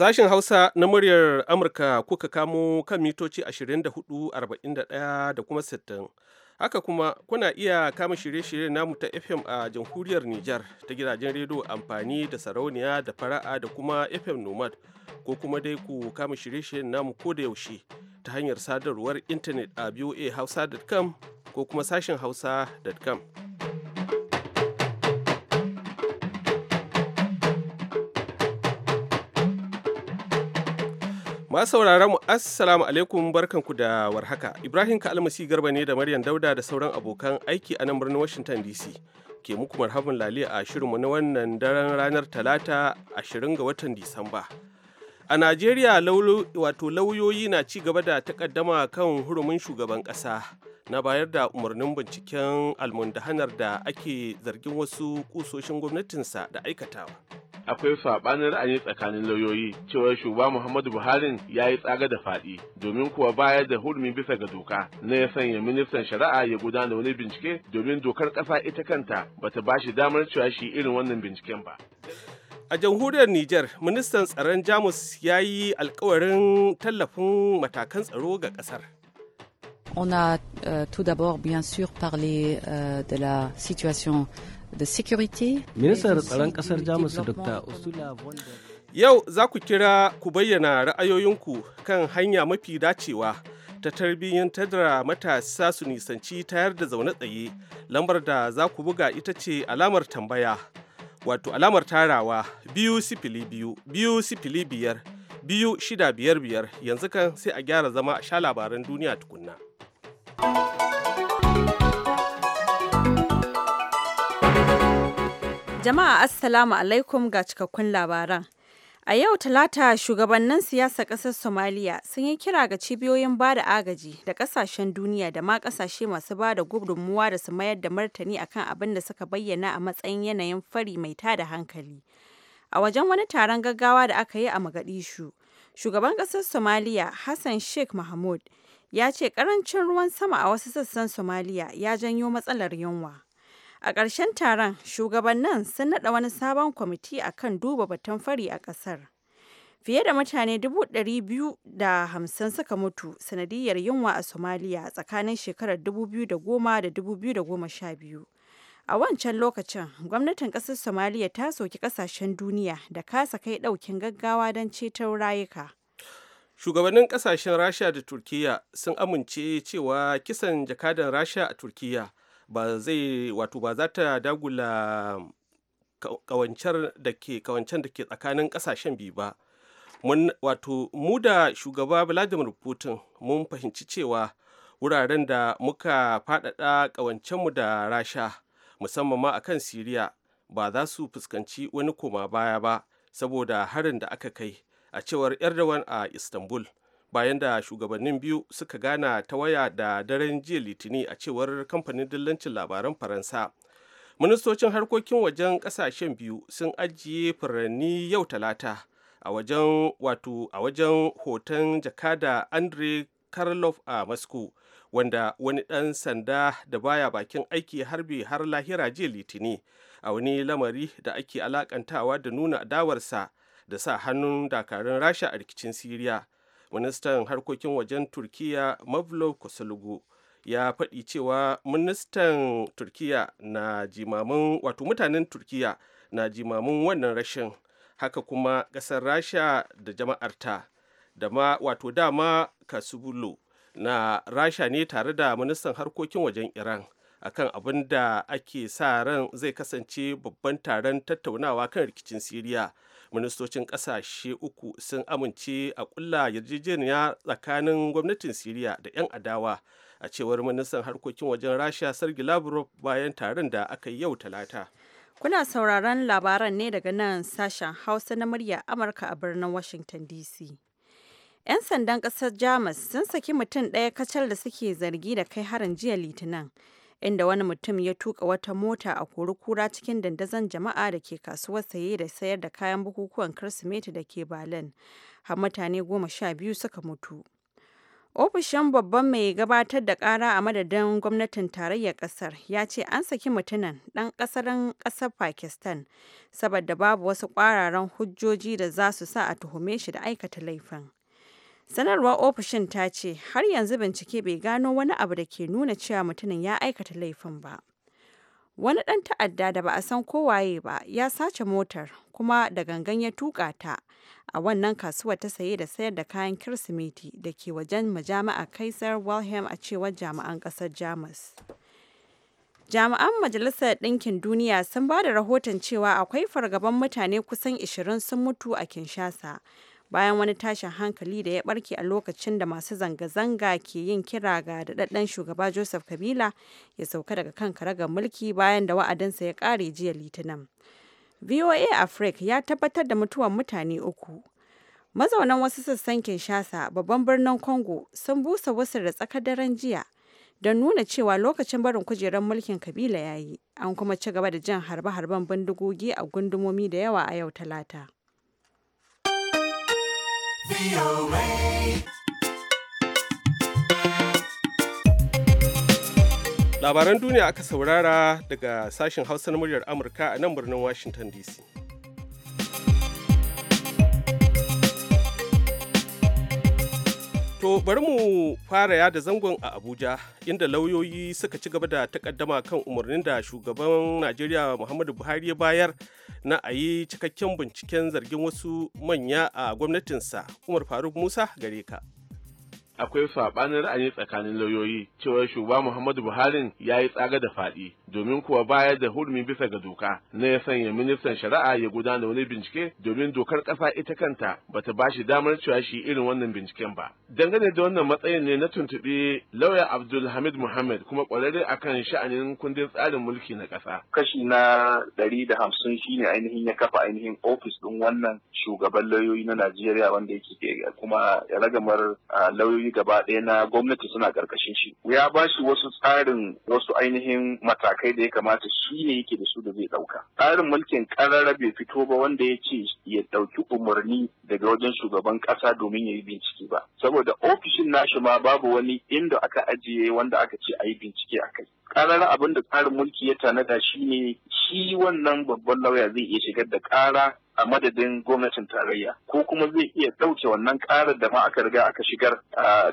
Sashen Hausa na muryar Amurka kuka kamo kan mitoci 24,41 da kuma 60. Haka kuma kuna iya kama shirye shirye namu ta FM a jamhuriyar Nijar ta gidajen rediyo amfani da sarauniya da fara'a da kuma FM Nomad ko kuma dai ku kama shirye-shiryen namu ko da yaushe ta hanyar sadarwar intanet a hausa.com ko kuma sashen hausa.com. Ma sauraron mu assalamu alaikum barkanku da warhaka. Ibrahim Kalmasi Garba ne da Maryam Dauda da sauran abokan aiki a nan birnin Washington DC. Ke muku marhaban lali a shirinmu na wannan daren ranar Talata 20 ga watan Disamba. A Najeriya wato lauyoyi na ci gaba da takaddama kan hurumin shugaban ƙasa na bayar da umarnin binciken almundahanar da ake zargin wasu kusoshin gwamnatinsa da aikatawa. akwai saɓanin ra'ayi tsakanin lauyoyi cewa shugaba Muhammadu Buhari ya yi tsaga da faɗi domin kuwa bayar da hurmi bisa ga doka na ya sanya ministan shari'a ya gudana wani bincike domin dokar ƙasa ita kanta bata ba shi damar cewa shi irin wannan binciken ba. A jamhuriyar Nijar, ministan tsaron Jamus ya yi alkawarin tallafin matakan tsaro ga ƙasar. On a euh, tout d'abord bien sûr parlé euh, de la situation da security. Ministar tsaron kasar Jamus Dr. Ursula von der Yau za ku kira ku bayyana ra'ayoyinku kan hanya mafi dacewa ta tarbiyyantar da matasa su nisanci tayar da zaune tsaye lambar da za ku buga ita ce alamar tambaya wato alamar tarawa biyu sifili biyu biyu sifili biyar biyu shida biyar biyar yanzu kan sai a gyara zama a sha labaran duniya tukunna. Jama'a Assalamu alaikum ga cikakkun labaran. A yau Talata shugabannin siyasar ƙasar Somaliya sun yi kira ga cibiyoyin ba da agaji da ƙasashen duniya da ma ƙasashe masu ba da gudunmuwa da su mayar da martani akan abin da suka bayyana a matsayin yanayin fari mai tada hankali. A wajen wani taron gaggawa da aka yi a Magadishu, shugaban ƙasar Somaliya Hassan Sheikh Mahmud ya ce ƙarancin ruwan sama a wasu sassan Somaliya ya janyo matsalar yunwa. A ƙarshen taron, shugabannin sun naɗa wani sabon kwamiti akan duba batun fari a ƙasar. Fiye da mutane 250 suka mutu sanadiyar yunwa a Somalia tsakanin shekarar 2010 da 2012. A wancan lokacin, gwamnatin ƙasar Somalia ta soki ƙasashen duniya da kasa kai ɗaukin gaggawa don ceton rayuka. Shugabannin ƙasashen Rasha da Turkiyya sun amince cewa kisan jakadan Rasha a Turkiyya ba zai wato ba za ta dagula kawancen da ke tsakanin kasashen biyu ba mun wato mu da shugaba vladimir putin mun fahimci cewa wuraren da muka faɗaɗa ƙawancenmu da rasha musamman ma akan siriya ba za su fuskanci wani koma baya ba saboda harin da aka kai a cewar erdogan a istanbul bayan da shugabannin biyu suka gana ta waya da daren jiya litini a cewar kamfanin dillancin labaran faransa ministocin harkokin wajen kasashen biyu sun ajiye furanni yau talata a wajen wato a wajen hoton jakada andre karlov a moscow wanda wani ɗan sanda da baya bakin aiki harbi har lahira jiya litini a wani lamari da ake alakantawa da nuna adawarsa da sa hannun dakarun rasha a rikicin siriya ministan harkokin wajen turkiya mavlov kosalugu ya faɗi cewa ministan turkiya na jimamin wato mutanen turkiya na jimamin wannan rashin haka kuma ƙasar rasha da jama'arta da ma wato dama kasubulo na rasha ne tare da ministan harkokin wajen iran akan abin da ake sa ran zai kasance babban taron tattaunawa kan rikicin siriya ministocin ƙasashe uku sun amince a ƙulla yarjejeniya tsakanin gwamnatin siriya da 'yan adawa a cewar ministan harkokin wajen rasha sergi lavrov bayan taron da aka yi yau talata kuna sauraron labaran ne daga nan sashen hausa na murya amurka a birnin washington dc 'yan sandan kasar jamus sun saki mutum ɗaya kacal da suke zargi da kai harin jiya litinin inda wani mutum ya tuka wata mota a kura cikin dandazon jama'a da ke kasuwar saye da sayar da kayan bukukuwan kirsimeti da ke Berlin. Har mutane goma sha biyu suka mutu. Ofishin babban mai gabatar da kara a madadin gwamnatin tarayyar kasar ya ce an saki mutumin ɗan kasarin ƙasar Pakistan saboda babu wasu ƙwararan hujjoji da za su sa a tuhume shi da aikata laifin. sanarwar ofishin ta ce har yanzu bincike bai gano wani abu da ke nuna cewa mutumin ya aikata laifin ba wani ɗan ta'adda da ba a san kowaye ba ya sace motar kuma da gangan ya tuka ta a wannan kasuwar ta saye da sayar da kayan kirsimeti da ke wajen majami'a kaisar wilhelm a cewar jami'an ƙasar jamus jami'an majalisar ɗinkin duniya sun ba da rahoton cewa akwai fargaban mutane kusan 20 sun mutu a kinshasa bayan wani tashin hankali da ya barke a lokacin da masu zanga-zanga ke yin kira ga daɗaɗɗen shugaba joseph kabila ya sauka daga kan karagar mulki bayan da wa'adinsa ya ƙare jiya litinin voa afrik ya tabbatar da mutuwar mutane uku mazaunan wasu sassan kinshasa babban birnin congo sun busa wasu da tsakar daren jiya don nuna cewa lokacin barin kujerar mulkin kabila ya yi an kuma ci gaba da jin harbe-harben bindigogi a gundumomi da yawa a yau talata Labaran duniya aka saurara daga sashen Hausa na muryar Amurka a nan birnin Washington DC. To bari mu fara ya da zangon a Abuja inda lauyoyi suka ci gaba da takaddama kan umarnin da shugaban Najeriya Muhammadu Buhari ya bayar na a yi cikakken binciken zargin wasu manya a gwamnatinsa umar faruk musa gare ka akwai saɓanin ra'ayi tsakanin lauyoyi cewa shugaba Muhammadu Buhari ya yi tsaga da faɗi domin kuwa bayar da hurumi bisa ga doka na ya sanya ministan shari'a ya gudana wani bincike domin dokar ƙasa ita kanta bata ba shi damar cewa shi irin wannan binciken ba. Dangane da wannan matsayin ne na tuntuɓi lauya Abdul Hamid Muhammad kuma ƙwararre akan sha'anin kundin tsarin mulki na ƙasa. Kashi na ɗari da hamsin shine ainihin ya kafa ainihin ofis ɗin wannan shugaban lauyoyi na Najeriya wanda yake kuma ragamar lauyoyi gaba ɗaya na gwamnati suna ƙarƙashin shi ya ba shi wasu tsarin wasu ainihin matakai da ya kamata shi ne yake da su da zai ɗauka tsarin mulkin ƙarara bai fito ba wanda ya ce ya ɗauki umarni daga wajen shugaban ƙasa domin ya yi bincike ba saboda ofishin nashi ma babu wani inda aka ajiye wanda aka ce a yi bincike a kai ƙarara abin da tsarin mulki ya tanada shi ne shi wannan babban lauya zai iya shigar da ƙara a madadin gwamnatin tarayya ko kuma zai iya ɗauke wannan ƙarar da ma aka riga aka shigar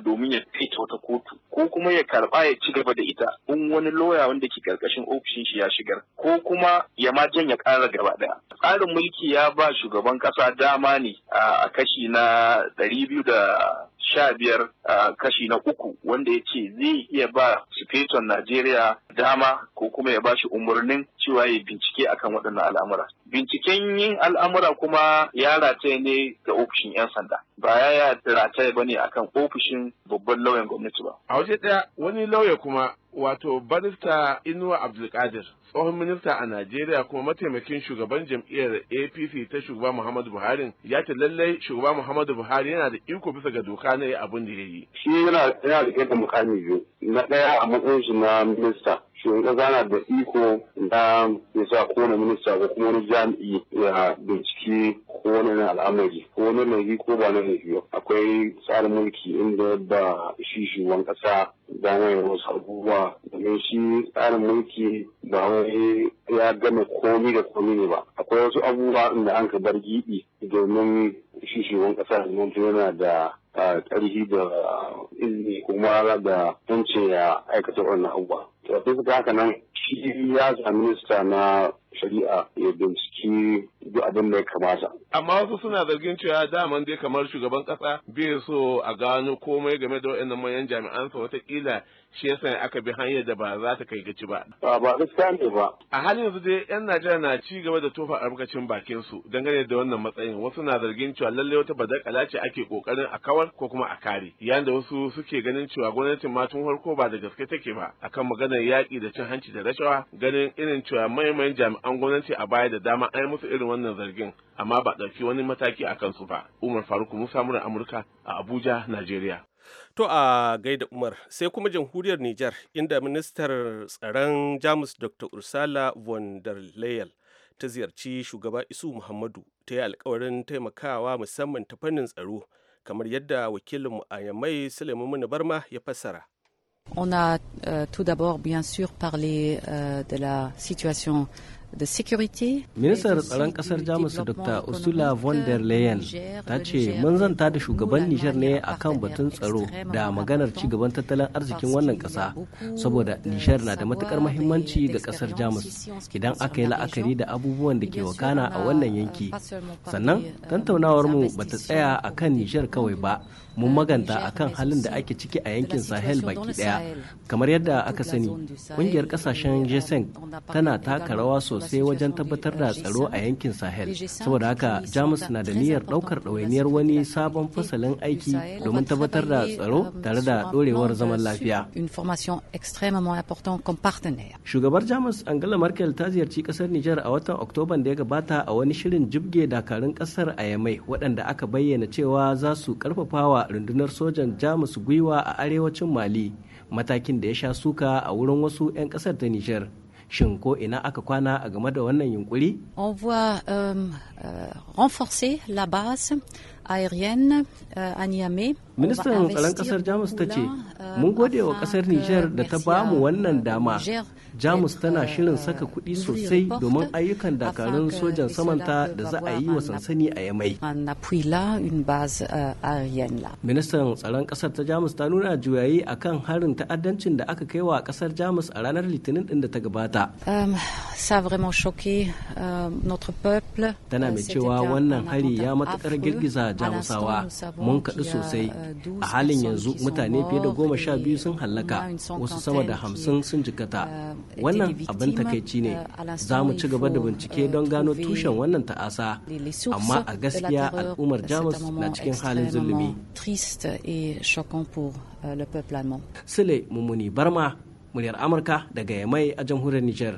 domin ya kai wata kotu ko kuma ya karɓa ya ci gaba da ita in wani loya wanda ke karkashin ofishin shi ya shigar ko kuma ya ma janya karar gaba ɗaya tsarin mulki ya ba shugaban ƙasa dama ne a kashi na ɗari biyu da sha biyar kashi na uku wanda ya ce zai iya ba sufeton Najeriya dama ko kuma ya ba shi umarnin cewa ya bincike akan waɗannan al'amura. Binciken yin al'amura kuma ya rataye ne ga ofishin 'yan sanda. Ba ya rataye ba ne akan ofishin babban lauyan gwamnati ba. A waje ɗaya wani lauya kuma wato barista inuwa abdulkadir tsohon minista a najeriya kuma mataimakin shugaban jam'iyyar apc ta shugaba muhammadu buhari ya ce lallai shugaba muhammadu buhari yana da iko bisa ga doka na yi abin da ya yi shi yana da mukami biyu na ɗaya a matsayin shi na minista shugaban kasa na da iko na ya sa kowane minista ko kuma wani jami'i ya bincike ko wani al'amari ko wani yi ko ba na yi akwai tsarin mulki inda ba shi shugaban kasa na yi wasu abubuwa domin shi tsarin mulki ba wai ya gama komi da komi ne ba akwai wasu abubuwa inda an ka bar giɓi domin shi shugaban kasa yana da ah, ƙarfi da ilimi kuma da tunce ya aikata wannan abubuwa to sai suka haka nan shi ya zama minista na shari'a ya binciki duk abin da ya kamata. Amma wasu suna zargin cewa daman dai kamar shugaban kasa bai so a gano komai game da waɗannan manyan jami'an sa watakila shi yasa aka bi hanyar da ba za ta kai gaci ba. Ba ba gaskiya ne ba. A halin yanzu dai 'yan Najeriya na ci gaba da tofa albarkacin bakin su dangane da wannan matsayin wasu na zargin cewa lalle wata badakala ce ake kokarin a kawar ko kuma a kare yayin da wasu suke ganin cewa gwamnatin ma tun farko ba da gaske take ba akan maganar yaƙi da cin hanci da rashawa ganin irin cewa maimayin jami'an gwamnati a baya da dama an yi musu irin wannan zargin amma ba ɗauki wani mataki a kansu ba umar faruk musa murar amurka a abuja najeriya To a gaida Umar sai kuma jamhuriyar Nijar inda ministar tsaron Jamus Dr. Ursula von der Leyen ta ziyarci shugaba Isu Muhammadu ta yi alkawarin taimakawa musamman ta fannin tsaro kamar yadda wakilinmu a Yamai Suleiman Barma ya fassara. On a euh, tout d'abord bien sûr parlé euh, de la situation Ministar tsaron ƙasar Jamus Dr. Ursula von der euh, Leyen ta ce mun zanta da shugaban Nijar ne akan batun tsaro da maganar ci gaban tattalin arzikin wannan ƙasa saboda Nijar na da matukar mahimmanci ga ƙasar Jamus idan aka yi la'akari da abubuwan da ke wakana a wannan yanki. Sannan tantaunawar mu ta tsaya akan Nijar kawai ba mun euh, maganta akan halin da ake ciki a yankin Sahel baki ɗaya kamar yadda aka sani ƙungiyar ƙasashen G5 tana taka rawa sosai sosai wajen tabbatar da tsaro a yankin sahel saboda haka jamus na da niyyar ɗaukar ɗawainiyar wani sabon fasalin aiki domin tabbatar da tsaro tare da dorewar zaman lafiya shugabar jamus angela merkel ta ziyarci kasar niger a watan oktoban da ya gabata a wani shirin jibge dakarun kasar a yamai waɗanda aka bayyana cewa za su wa rundunar sojan jamus gwiwa a arewacin mali matakin da ya sha suka a wurin wasu 'yan kasar ta niger shin ko ina aka kwana a game da wannan yunkuri on voit euh, euh, renforcer la base aérienne a Niamey. Ministan tsaron kasar Jamus ta ce, Mun gode wa kasar Nijar da ta ba mu wannan dama. Jamus tana shirin saka euh, kuɗi sosai domin ayyukan dakarun sojan samanta da za a yi wa sansani a Yamai. Euh, Ministan tsaron kasar ta Jamus ta nuna juyayi kan harin ta'addancin da aka kai wa kasar Jamus a ranar Litinin din da ta gabata. Euh, tana mai cewa wannan hari ya matukar girgiza Jamusawa. mun kaɗu sosai a halin yanzu mutane fiye da goma sha biyu sun hallaka wasu sama da hamsin sun jikata wannan abin takaici ne za mu ci gaba da bincike don gano tushen wannan ta'asa amma a gaskiya al'ummar jamus na cikin halin zulumi euh, sule mummuni barma muryar amurka daga yamai a jamhuriyar niger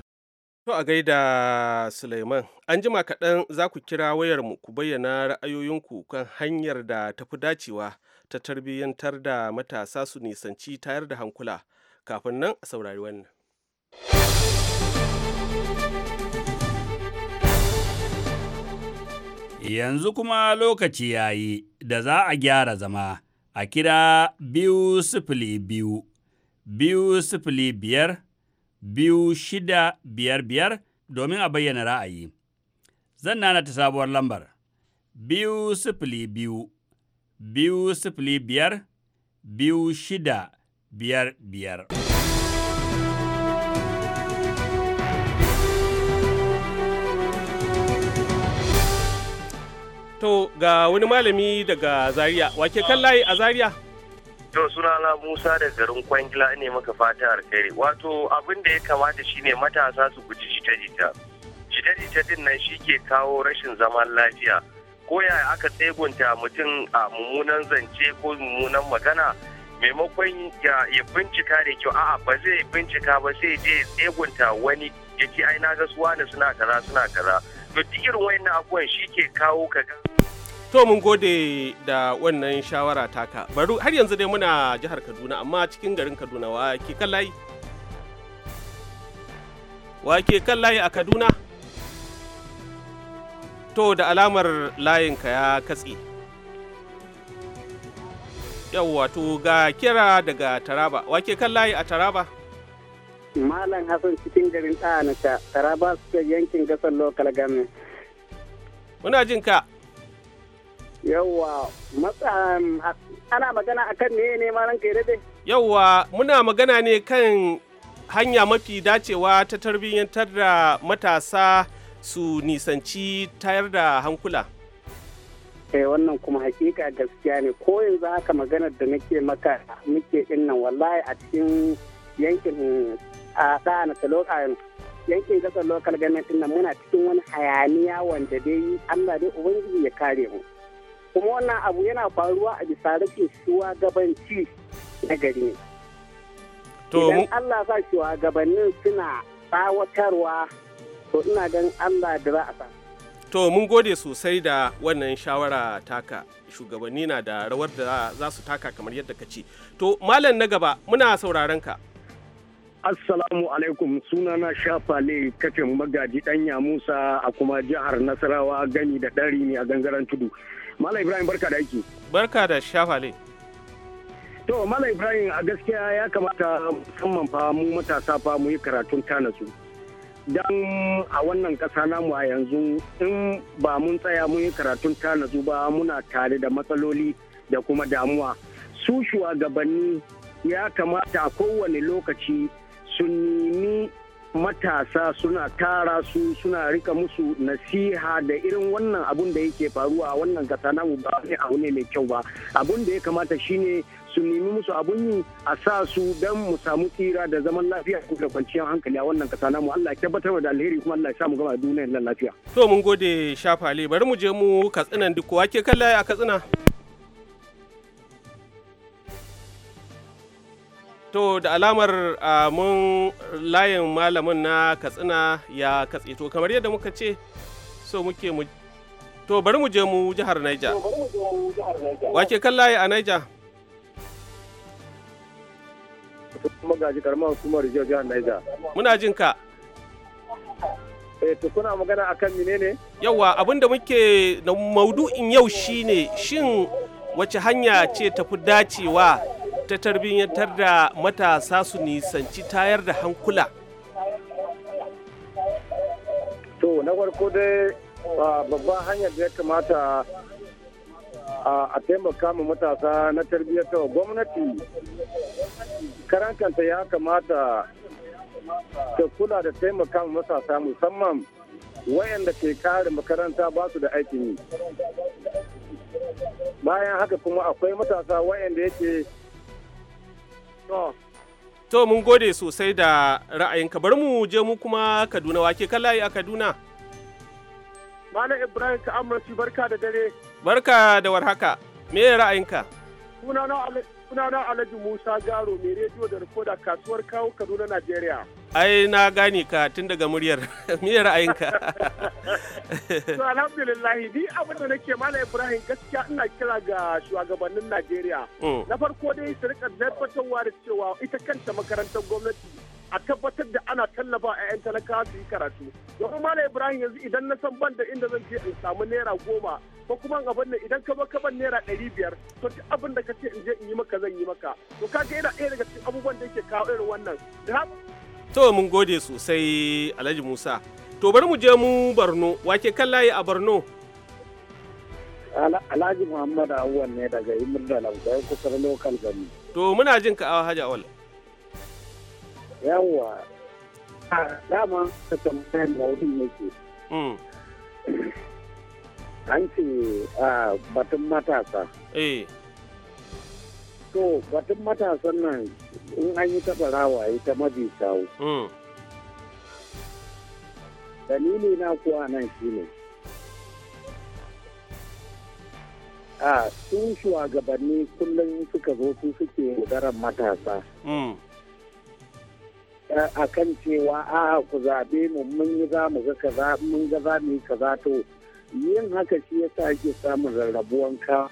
To a gaida Suleiman, an jima kaɗan za ku kira wayar mu ku bayyana ra'ayoyinku kan hanyar da ta fi dacewa ta tarbiyyantar da matasa su nisanci tayar da hankula kafin nan a saurari wannan. Yanzu kuma lokaci ya yi da za a gyara zama a kira biyu sifili biyu, biyu sifili biyar biyu shida biyar biyar domin a bayyana ra'ayi. Zan nana ta sabuwar lambar biyu sifili biyu, biyu sifili biyar, biyu shida biyar biyar. To ga wani malami daga Zaria, wake kan layi a Zaria? To na Musa da garin Kwangila ne maka fata alkhairi. Wato abin da ya kamata shine matasa su guji jita-jita. Jita-jita din nan shi ke kawo rashin zaman lafiya. Ko yaya aka tsegunta mutum a mummunan zance ko mummunan magana maimakon ya bincika da kyau a'a ba zai bincika ba sai je tsegunta wani yake ai na ga suna kaza suna kaza. To duk irin wayannan abubuwan shi ke kawo kaga. To mun gode da wannan shawara taka. Baru har yanzu dai muna jihar Kaduna amma cikin garin Kaduna wa ke kan layi? Wa ke kan layi a Kaduna? To da alamar layinka ya katse. Yau wato ga kira daga Taraba. Wa ke kan layi a Taraba? Malam Hassan cikin garin ɗaya na Taraba suke yankin gasar lokal game. Muna jin ka. Yawwa, ana magana a ne ne ma ranka dai. Yawwa, muna magana ne kan hanya mafi dacewa ta tarbiyyantar da matasa su nisanci tayar da hankula. Eh wannan kuma hakika gaskiya ne ko yanzu haka maganar da nake maka muke dinnan wallahi a cikin yankin a lokacin yankin gasar lokal ganin nan muna cikin wani hayaniya wanda dai Allah dai ubangiji ya kare mu. kuma wannan abu yana faruwa a bisa rashin shugabanci na gari idan Allah sa shugabannin suna tsawatarwa to ina gan Allah da za a sa to mun gode sosai da wannan shawara taka shugabanni na da rawar da za su taka kamar yadda ka ce to malam na gaba muna sauraron ka Assalamu alaikum sunana Shafale kacin magaji ɗanya Musa a kuma jihar Nasarawa gani da ɗari ne a gangaren tudu. Malam Ibrahim barka da aiki. Barka da shafale. To Malam Ibrahim a gaskiya ya kamata musamman fa mu matasa fa mu yi karatun tanasu. Dan a wannan ƙasa namu a yanzu in ba mun tsaya mun yi karatun tanasu ba muna tare da matsaloli da kuma damuwa. Su shugabanni ya kamata a kowane lokaci su nemi matasa suna tara su suna rika musu nasiha da irin wannan abun da yake faruwa a wannan kasa namu ba ne abu ne mai kyau ba abun da ya kamata shine su nemi musu abun yi a sa su don mu samu tsira da zaman lafiya ko da kwanciyar hankali a wannan kasa namu Allah ya tabbatar da alheri kuma Allah ya samu gama duniyar lafiya to mun gode shafale bari mu je mu katsinan duk wa ke a katsina to da alamar mun layin malamin na katsina ya katse to kamar yadda muka ce so muke mu to bari mu je mu jihar Niger wake kan layi a Niger karman hukumar jihar Niger muna jin ka Eh, kuna magana akan ne? Yawa abinda muke na maudu'in yau shine shin wace hanya ce tafi dacewa ta tarbiyyantar da matasa su nisanci tayar da hankula? To, na farko dai babban hanyar da ya kamata a taimaka mu matasa na tarbiyyar gwamnati karankanta ya kamata ta kula da taimaka mu matasa musamman wayanda ke kare makaranta ba su da aikin yi bayan haka kuma akwai matasa wayanda yake To mun gode sosai da ra'ayinka bari mu je mu kuma Kaduna wake layi a Kaduna. Malam Ibrahim ka amurci barka da dare. Barka da warhaka. Me ra'ayinka? Sunana Alhaji Musa Garo mai rediyo da rikoda kasuwar kawo Kaduna Najeriya. ai na gane ka tun daga muryar miyar ra'ayinka to alhamdulillah ni abin da nake Malam ibrahim gaskiya ina kira ga shugabannin najeriya mm. na farko dai su rika zarfatarwa da cewa ita kanta makarantar gwamnati a tabbatar da ana tallafa a 'yan talakawa su yi karatu domin Malam ibrahim yanzu idan na san ban banda inda zan je in samu naira goma ko kuma abin nan idan ka baka ban naira ɗari biyar to duk abin da ka ce in je in yi maka zan yi maka to kaga yana ɗaya daga cikin abubuwan da yake kawo irin wannan da To mun gode sosai Alhaji Musa. To bari mu je mu Borno, wake kan layi a Borno. Alhaji Muhammad awon ne daga yi da Lamsayin kusur lokal gani. To muna jin ka awa Hajji Awwal. Yawwa. Dama ta tambayar ne yake. Mm. An ce batun matasa. Eh. To, batun matasan nan in an yi taɓa rawaye ta mabi kawo. Mm. Dalili na kuwa nan shi ne. A sun shugabanni kullum suka zo su suke yaudarar matasa. Mm. A kan cewa a ku zaɓe mu mun yi za mu ga kaza mun ga za mu yi kaza to yin haka shi yasa ake samun rarrabuwan kawo.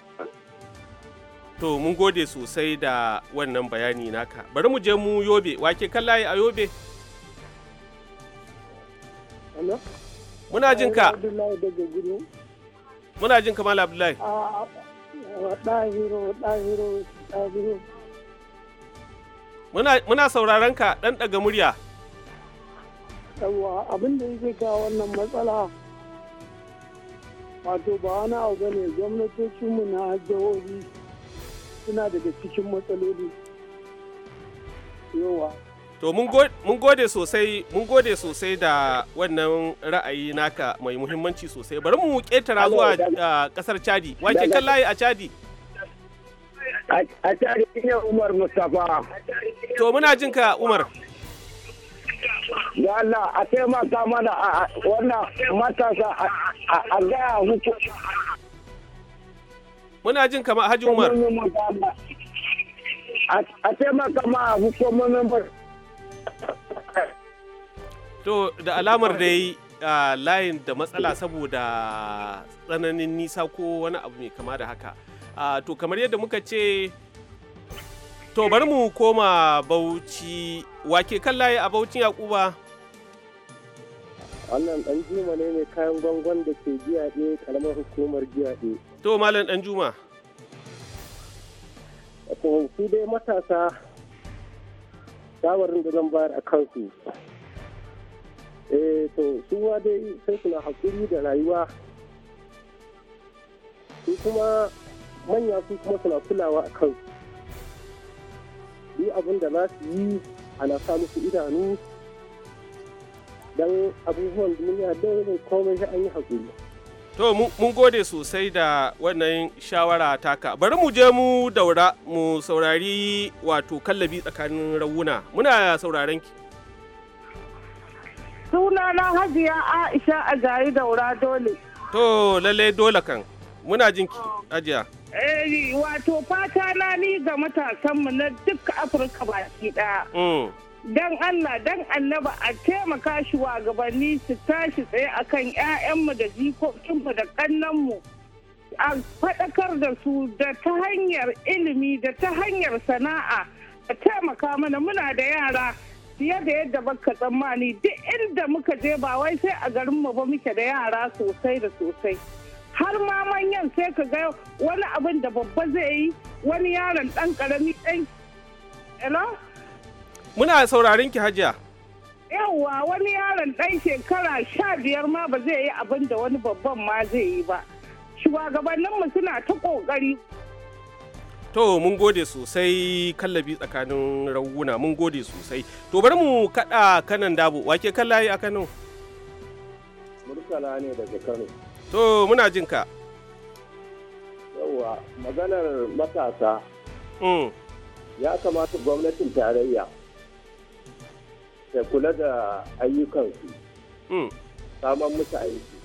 To mun gode sosai da wannan bayani naka. Bari mu je mu Yobe, wake kallaye a Yobe? Hello? Muna jin ka. Muna jin ka Malam Abdullahi. Ɗahiro, ɗahiro, ɗahiro. Muna sauraron ka ɗan ɗaga murya. Yawwa abin da yake ka wannan matsala wato ba wani abu ne gwamnatocinmu na jihohi suna daga cikin matsaloli yawa to mun gode sosai mun gode sosai da wannan ra'ayi naka mai muhimmanci sosai bari mu ketara zuwa kasar chadi wake kan layi a chadi a chadi ne umar mustapha to muna jin ka umar Ya Allah a taimaka mana wannan matasa a gaya hukunci Muna jin kama Haji Umar. A taimaka ma hukumomin To da alamar dai a layin da matsala saboda tsananin nisa ko wani abu mai kama da haka. to kamar yadda muka ce to bari mu koma bauchi wake kan layi a baucin yakuba wannan dan jima ne mai kayan gwangwan da ke giyaɗe karamar hukumar giyaɗe To Malam juma To su dai matasa shawarin da zan bayar a kansu. Eh to wa dai sai suna hakuri da rayuwa. Su kuma manya su kuma suna kulawa a kansu. Yi abin da za su yi ana sa musu idanu don abubuwan duniya don komai sai an yi hakuri. To mun gode sosai da wannan shawara taka. Bari mu je mu daura mu saurari wato kallabi tsakanin rawuna. Muna sauraron ki. Sunana Hajiya Aisha a gari daura dole. To lalle dole kan. Muna jin ki oh. Hajiya. Eh wato fata na ni ga matasanmu na duk Afirka baki ɗaya. Mm. don Allah don annaba a taimaka shi wa gabanni su tashi tsaye a kan 'ya'yanmu da jikokinmu da kannanmu a faɗakar da su da ta hanyar ilimi da ta hanyar sana'a a taimaka mana muna da yara fiye da yadda baka tsammani duk inda muka je ba wai sai a garinmu ba muke da yara sosai da sosai har ma manyan sai ka ga wani abin da babba zai yi wani yaron ɗan ƙarami ɗan hello Muna saurarin ki hajiya. Yawwa wani yaron ɗan shekara sha biyar ma ba zai yi abin da wani babban ma zai yi ba. Shugabanninmu suna ta ƙoƙari. To mun gode sosai kallabi tsakanin rawuna mun gode sosai. To bari mu kaɗa kanan dabo wake kallaye a Kano. Murtala ne daga Kano. To muna jin ka. Yawwa maganar matasa. Mm. Ya kamata gwamnatin tarayya ya kula da ayyukansu hmm. saman musu aiki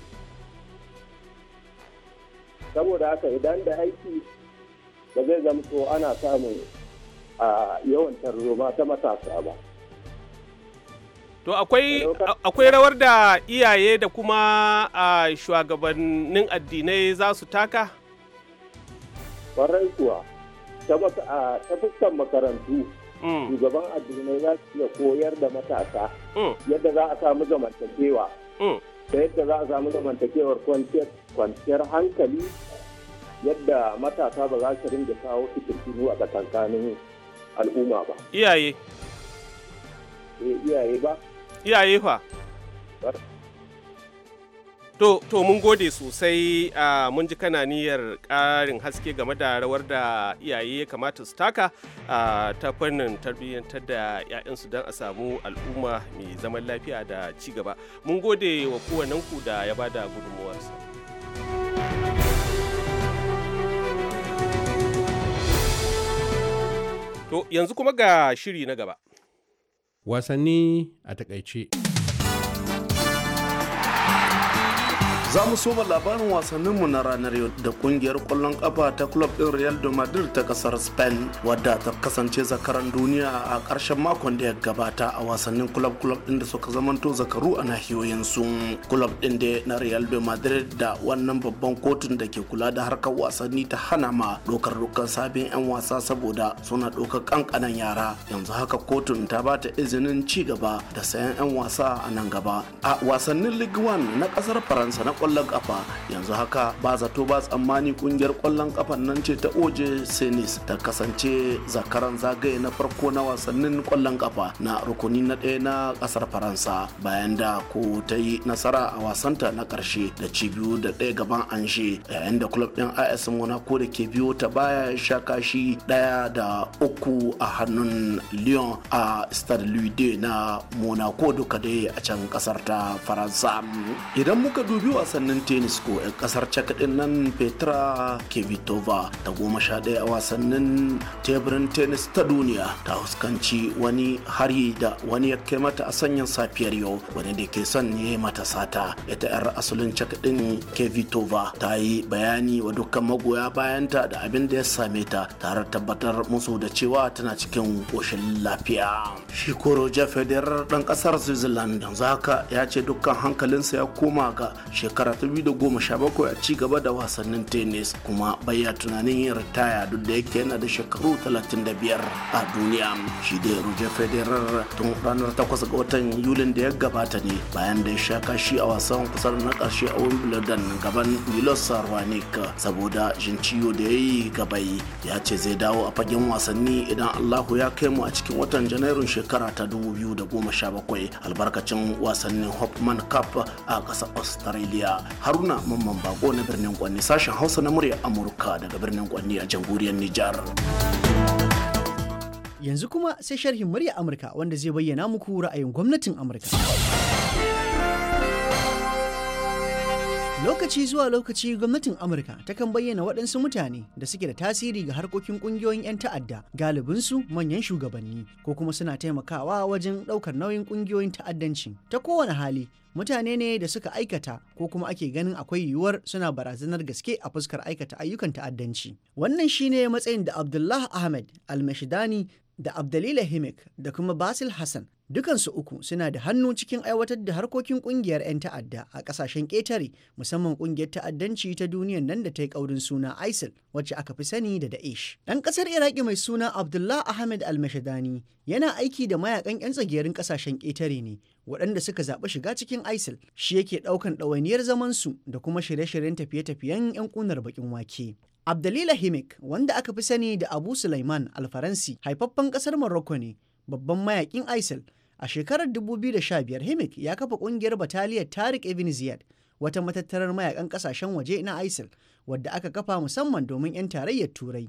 saboda haka idan da aiki da zai zamto ana samun a yawan tarzoma ta matasa ba To akwai rawar da iyaye da kuma a shugabannin addinai za su taka? Ƙwarai kuwa, ta fuskan makarantu Mm. shugaban addinai za su iya koyar da matasa mm. yadda za a samu zamantakewa mm. da yadda za a samu zamantakewar kwanciyar hankali yadda matasa ba za su ringa kawo fitintinu a tsakankanin al'umma ba iyaye eh, iyaye ba iyaye fa To, to mun gode sosai a ah, mun ji kana niyyar ƙarin haske game da rawar da iyaye ya kamata su taka uh, ta fannin tarbiyyantar da 'ya'yansu don a samu al'umma mai zaman lafiya da ci gaba. Mun gode wa ku da ya bada gudunmuwarsa. To yanzu kuma ga shiri na gaba. Wasanni a takaice. za mu ba labarin wasanninmu na ranar yau da kungiyar kwallon kafa ta club ɗin real de madrid ta kasar spain wadda ta kasance zakaran duniya a ƙarshen makon da ya gabata a wasannin club club din da suka zamanto zakaru a nahiyoyinsu club din da na real de madrid da wannan babban kotun da ke kula da harkar wasanni ta hana ma dokar dokar sabin 'yan wasa saboda suna dokar kankanan yara yanzu haka kotun ta ba ta izinin ci gaba da sayan 'yan wasa a nan gaba a wasannin ligue 1 na kasar faransa na kwallon kafa yanzu haka ba zato ba tsammani kungiyar kwallon kafan nan ce ta oje senis ta kasance zakaran zagaye na farko na wasannin kwallon kafa na rukuni na ɗaya na ƙasar faransa bayan da ko ta yi nasara a wasanta na ƙarshe da cibiyu da ɗaya gaban anshe yayin da club ɗin as monaco da ke biyo ta baya sha kashi ɗaya da uku a hannun lyon a stade louis na monaco duka dai a can ƙasar ta faransa idan muka dubi wasan wasannin tennis ko 'yan kasar cek din nan petra kevitova ta goma sha ɗaya a wasannin teburin tennis ta duniya ta huskanci wani hari da wani ya kai mata a sanyin safiyar yau wani da ke son ya yi mata sata ita 'yar asalin cek din kevitova ta yi bayani wa dukkan magoya bayanta da abin da ya same ta tare tabbatar musu da cewa tana cikin koshin lafiya shi koro jeff federer ɗan kasar switzerland zaka ya ce dukkan hankalinsa ya koma ga shekaru shekara ta biyu da goma sha bakwai a ci gaba da wasannin tennis kuma ya tunanin yin ritaya duk da yake yana da shekaru talatin da biyar a duniya shi da roger federer tun ranar takwas ga watan yulin da ya gabata ne bayan da ya sha kashi a wasan kusan na karshe a wimbledon gaban milos sarwanik saboda jin ciwo da ya yi gabai ya ce zai dawo a fagen wasanni idan allahu ya kai mu a cikin watan janairun shekara ta 2017 albarkacin wasannin hopman cup a ƙasar australia haruna mamman bako na birnin kwanni sashen hausa na murya amurka daga birnin kwanni a jamhuriyar nijar yanzu kuma sai sharhin murya amurka wanda zai bayyana muku ra'ayin gwamnatin amurka Lokaci zuwa lokaci gwamnatin Amurka takan bayyana waɗansu mutane da suke da tasiri ga harkokin ƙungiyoyin 'yan ta'adda galibinsu manyan shugabanni ko kuma suna taimakawa wajen ɗaukar nauyin ƙungiyoyin ta'addanci. Ta kowane hali mutane ne da suka aikata ko kuma ake ganin akwai yiwuwar suna barazanar gaske a fuskar aikata ayyukan ta'addanci. Wannan shine matsayin da Abdullah Ahmed Almashidani da Abdalila Himik da kuma Basil Hassan dukansu uku suna da hannu cikin aiwatar da harkokin kungiyar 'yan ta'adda a kasashen ƙetare musamman kungiyar ta'addanci ta duniyan nan da ta yi ƙaurin suna isil wacce aka fi sani da da'ish ɗan ƙasar iraki mai suna abdullah ahmed almashadani yana aiki da mayakan 'yan tsagerin kasashen ƙetare ne waɗanda suka zaɓi shiga cikin isil shi yake ɗaukan ɗawainiyar zamansu da kuma shirye-shiryen tafiye-tafiyen 'yan ƙunar baƙin wake Abdalila Himik wanda aka fi sani da Abu Sulaiman Alfaransi haifaffen ƙasar Morocco ne babban mayakin ISIL a shekarar 2015 Himik ya kafa ƙungiyar bataliyar Tariq Ibn Ziyad wata matattarar mayakan ƙasashen waje na ISIL wadda aka kafa musamman domin 'yan tarayyar Turai.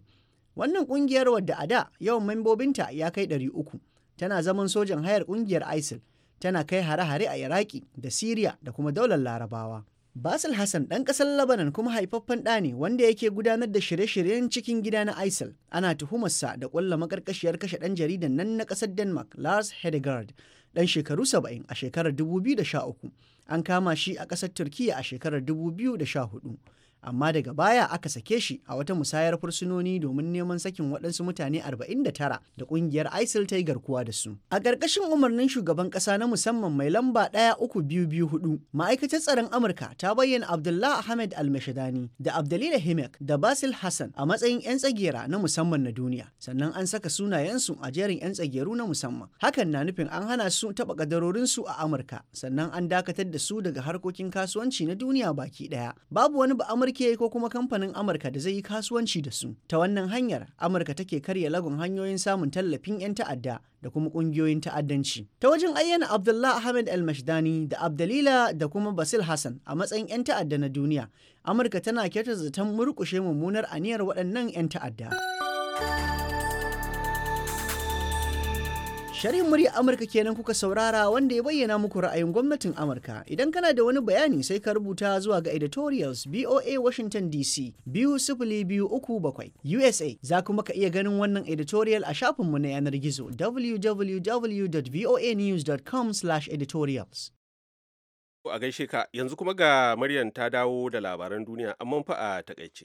Wannan ƙungiyar wadda a da yawan membobinta ya kai 300 tana zaman sojan hayar ƙungiyar ISIL tana kai hare-hare a Iraki da Siriya da kuma daular Larabawa. Basil Hassan ɗan ƙasar Lebanon kuma haifaffen ɗa ne wanda yake gudanar da shirye-shiryen cikin gida na ISIL. Ana tuhumarsa da ƙwalla maƙarƙashiyar kashe ɗan jaridan nan na ƙasar Denmark Lars Hedegaard ɗan shekaru saba'in a shekarar 2013. An kama shi a ƙasar Turkiyya a shekarar 2014. amma daga baya aka sake shi a wata musayar fursunoni domin neman sakin waɗansu mutane 49 da ƙungiyar ISIL ta yi garkuwa da su. A ƙarƙashin umarnin shugaban ƙasa na musamman mai lamba ɗaya uku biyu biyu hudu, ma'aikatar tsaron Amurka ta bayyana Abdullah Ahmed Almashadani da Abdalila Himek da Basil Hassan a matsayin 'yan tsagera na musamman na duniya, sannan an saka sunayensu a jerin 'yan tsageru na musamman. Hakan na nufin an hana su taɓa su a Amurka, sannan an dakatar da su daga harkokin kasuwanci na duniya baki ɗaya. Babu wani ba turkiya ko kuma kamfanin amurka da zai yi kasuwanci da su ta wannan hanyar amurka take karya lagun hanyoyin samun tallafin 'yan ta'adda da kuma kungiyoyin ta'addanci ta wajen ayyana abdullah ahmed el mashdani da abdalila da kuma basil hassan a matsayin 'yan ta'adda na duniya amurka tana kyautar zaton murkushe mummunar aniyar waɗannan 'yan ta'adda Sharhin murya Amurka kenan kuka saurara wanda ya bayyana muku ra'ayin gwamnatin Amurka. Idan kana da wani bayani sai ka rubuta zuwa ga editorials BOA Washington DC biyu sifili biyu uku bakwai USA za kuma ka iya ganin wannan editorial a shafinmu na yanar gizo www.voanews.com editorials. A gaishe ka yanzu kuma ga Maryam ta dawo da labaran duniya amma fa a takaice.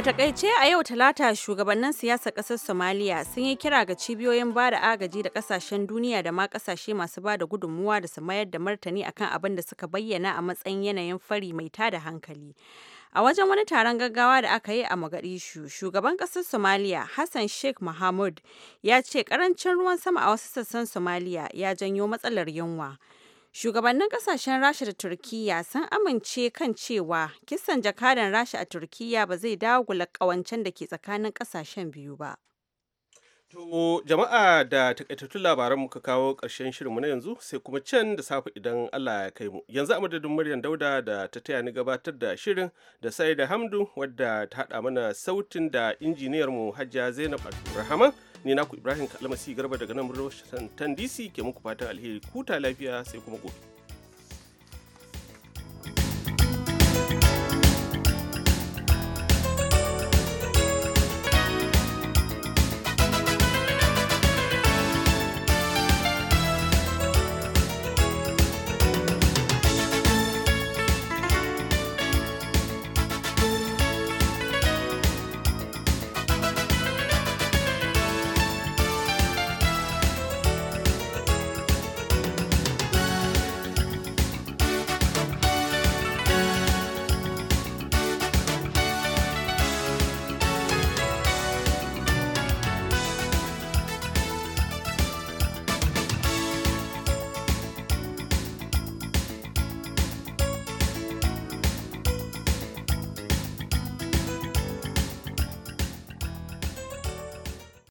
A takaice a yau talata shugabannin siyasar kasar Somalia sun yi kira ga cibiyoyin ba da agaji da kasashen duniya da ma kasashe masu ba da gudunmuwa da su mayar da martani akan abin da suka bayyana a matsayin yanayin fari mai tada hankali. A wajen wani taron gaggawa da aka yi a Mogadishu, shugaban kasar Somalia Hassan Sheikh Mohamud ya ce karancin ruwan sama a wasu sassan Somalia ya janyo matsalar yunwa. Shugabannin kasashen Rasha da Turkiyya sun amince kan cewa kisan jakadan Rasha a Turkiyya ba zai dawo ƙawancen da ke tsakanin kasashen biyu ba. To jama'a da takaitattun labaran muka kawo ƙarshen shirin na yanzu sai kuma can da safe idan Allah ya kai mu. Yanzu a madadin Maryam Dauda da ta taya ni gabatar da shirin da sai da Hamdu wadda ta haɗa mana sautin da injiniyarmu Hajja Zainab Abdulrahman. ni naku ibrahim kalmasi garba daga nan murnar washington dc ke muku fatan alheri kuta lafiya sai kuma gobe